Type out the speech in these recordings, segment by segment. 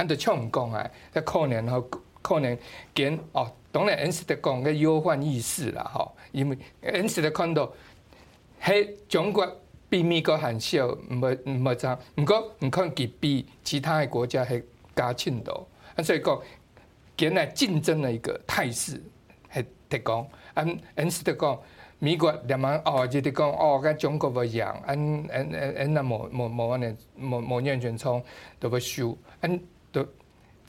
看到搶工啊，可能哦，可能跟哦、喔，當然恩斯的講個憂患意識啦，吼，因為恩斯的看到，喺中國比美國還少，唔係唔係真，唔過唔可能佮比其他嘅國家係加錢多，所以講，佢哋競爭了一個態勢，係特講，恩恩斯的講，美國兩萬哦，就特講哦，佮中國不一樣，嗯嗯嗯嗯，那冇冇冇往年冇往年全衝都要輸，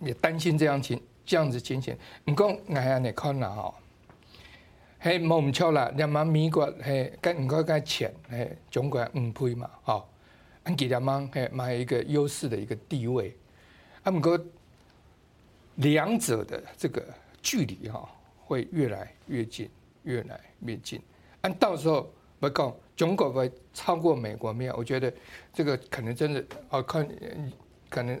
也擔心這樣情，這樣子情形。唔講、喔，挨下你看啦吼，係冇唔錯啦。兩萬美國係跟唔夠跟錢，誒，中國五倍嘛，吼、喔。安幾萬萬，誒，買一個優勢的一個地位。啊，唔講，兩者的這個距離哈、喔，會越來越近，越來越近。按到時候要講，中國會超過美國咩？我覺得這個可能真的，哦，可可能。